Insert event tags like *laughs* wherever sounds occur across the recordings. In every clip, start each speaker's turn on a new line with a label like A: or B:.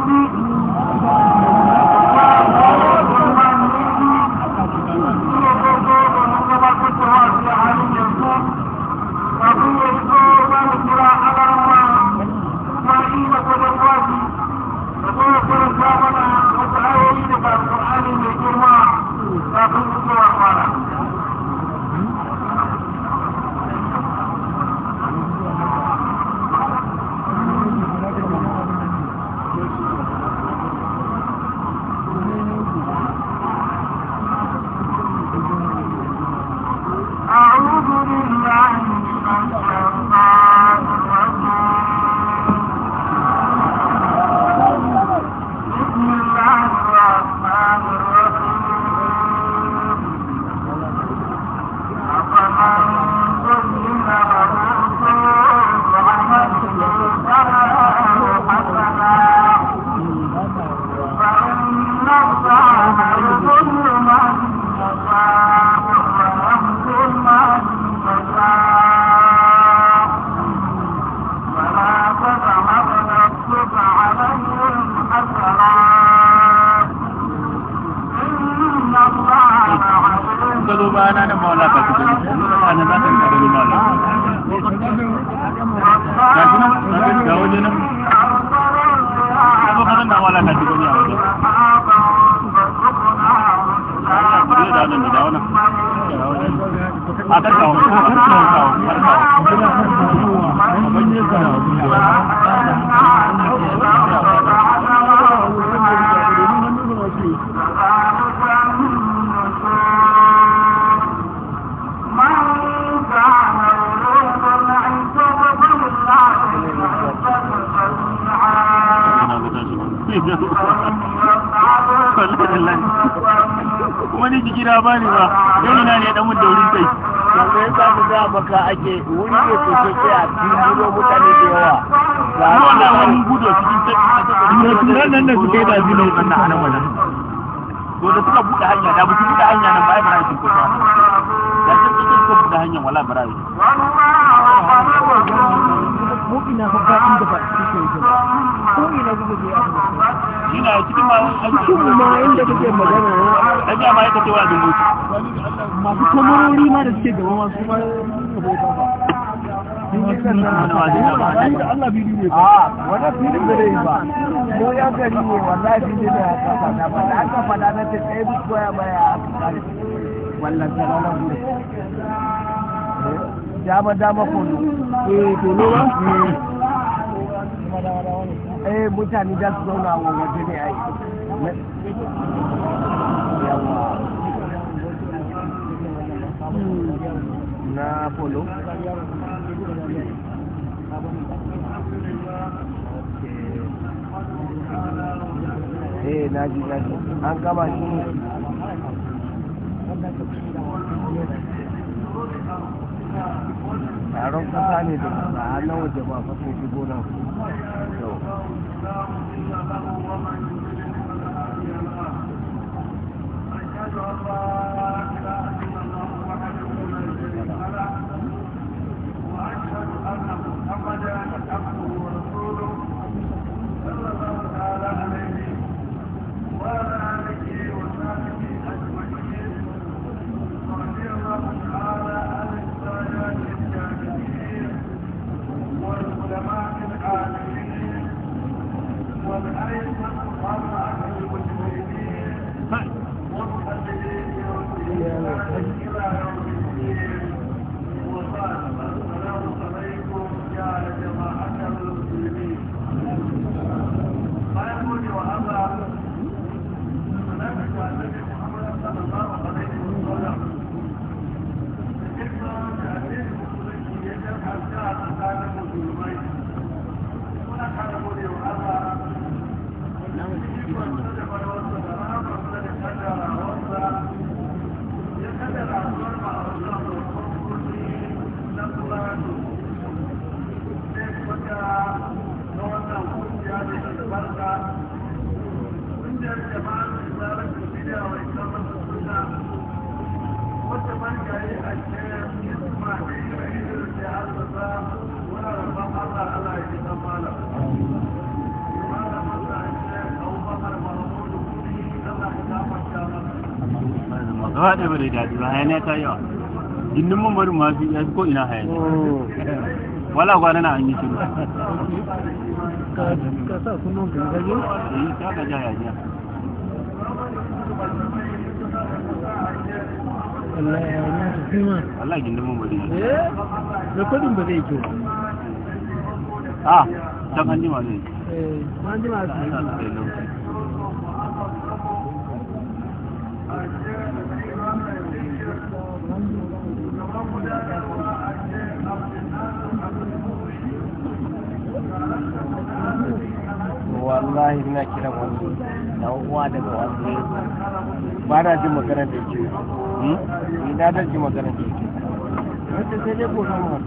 A: sí
B: bayana da mawala ka su gani yanzu da za ka rika gani ga nan
A: gani a a karkawa a karkawa a karkawa
B: wani ba dan ina ne dan mutum wurin kai yanzu ya sa ku za maka ake wuri ne sosai sai a cikin turo mutane da yawa ga wannan wani gudu cikin tattalin nan da suke da zuwa wannan anan wannan to da suka buɗe hanya da ba su buɗe hanya nan ba ai bara su kusa da sun suka buɗe hanya wala bara su ko ina haka inda ba su ke yi ko ina gugu ne abu ina cikin ma cikin ma inda kake magana a ga ma yake cewa dubu
A: masu kamarori ma da suke
B: gaba ma su ma Allah ba, ah, wani filin da zai ba, ko ya gari ne wallahi filin da ya kasa na ba, da aka fada na ta tsaye duk koya baya a kare, wallan tsara dama dama kono eh, eh, mutane da su zauna wa waje ne ai hmm.
A: na polo eh
B: an gama shi
A: taron kasa ne da kasa na waje ba fa sai shigo nan Thank you.
B: gaba ɗaya ba da ba hayaniya ta yawa gindin mamarin ma fi yafi ko ina hayaniya oh. wala gwana na an yi shiru ka sa yi eh, ta
A: Allah ya yi
B: nasu Allah gindin eh? ba zai
A: ah eh, jima
B: eh jima wallahi ina kira wani na uwa daga wani ba na jin magana da ke hmm? ni da dan magana da ke wata sai dai ko kan wani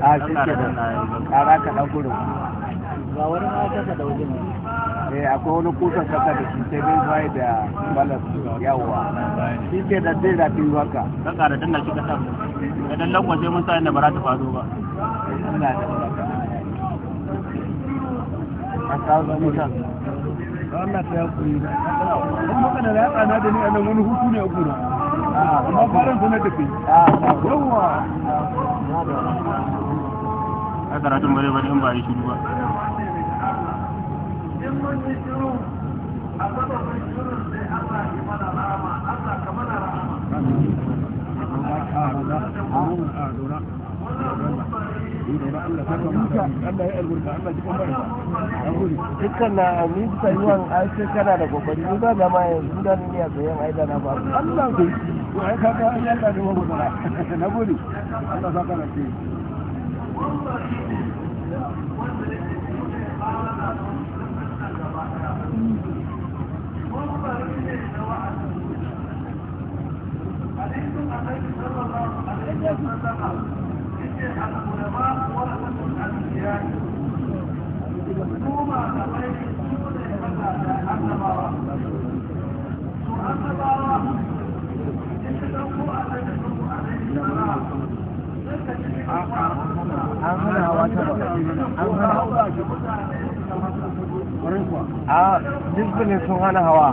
A: a shi ke da ƙara ka ɗan gurin
B: ba wani ma ta ka ɗauki eh akwai wani kusan saka da shi sai bin bai da balas yawa shi ke da zai da biyu haka ka ƙara danna shi ka samu da dan lagwa sai mun sa inda ba za ta faru ba ina da a kawo mutan Allah ta yakuri na. Kuma kana da tsana da ni a nan wani hutu ne a gona. Ah. Amma faran sanar da kai. Yawwa. a karatun bare bare ba yi shiru ba dukkan na tsayuwan kana da kokari ni ba da ni a tsayen aida na ba Allah an wani *laughs* na saka na ce
A: One minute. a jirgin sun hana hawa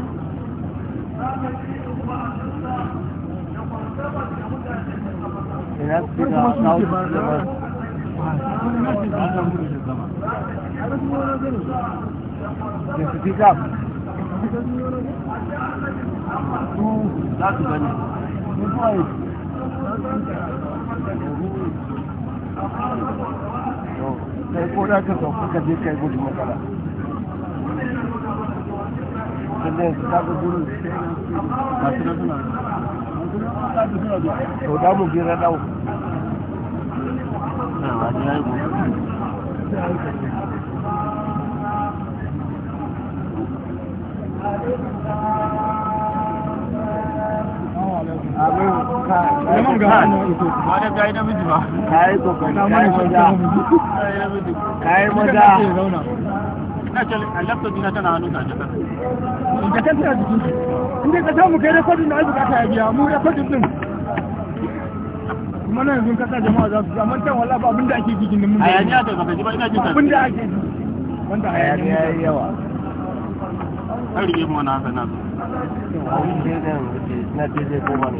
A: kai da
B: ka sauka ka je kai gudu
A: matsala tunda
B: yanzu inda ka samu kai rekodin da biya mu rekodin din kuma na yanzu kasa jama'a za su zama ta wala ba abinda ake mun ina jin ta abinda ake wanda yawa mu na na ko ba ne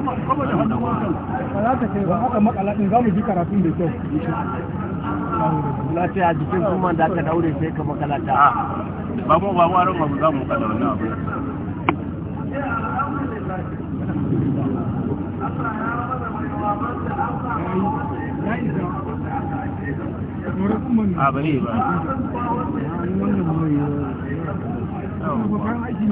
A: ba za
B: ta ce ba haka makala za mu ji karatun da kyau na a jikin kuma da aka daure sai ka makala ta ba mu ba mu aron ba mu za mu kada wannan abu a bari ba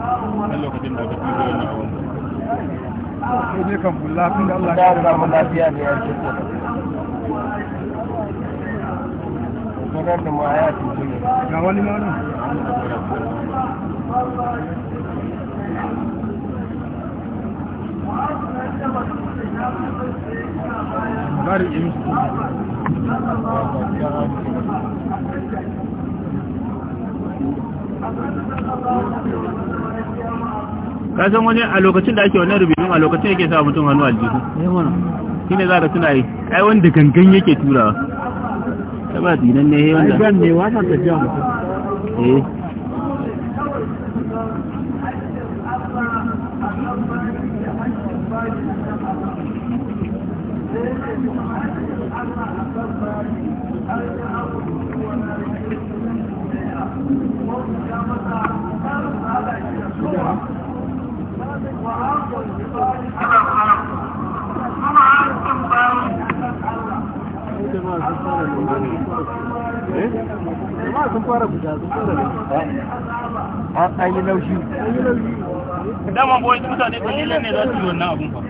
A: a lokacin da aka fi na kan sun Allah ya ga lafiya da ya ce da ga wani bari in Thank you.
B: ka san wani a lokacin da ake wannan rubutun a lokacin yake sa mutum hannu aljihu eh, shi ne za ka tuna yi ai wanda gangan yake turawa ta ba dinan ne ya eh, wanda gan ne wata tafiya mutum
A: Thank eh. you. an yi laushi dama boye mutane ne za su yi wannan abun ba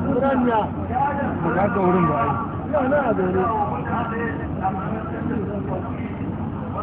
A: Ƙuraniya, ba ba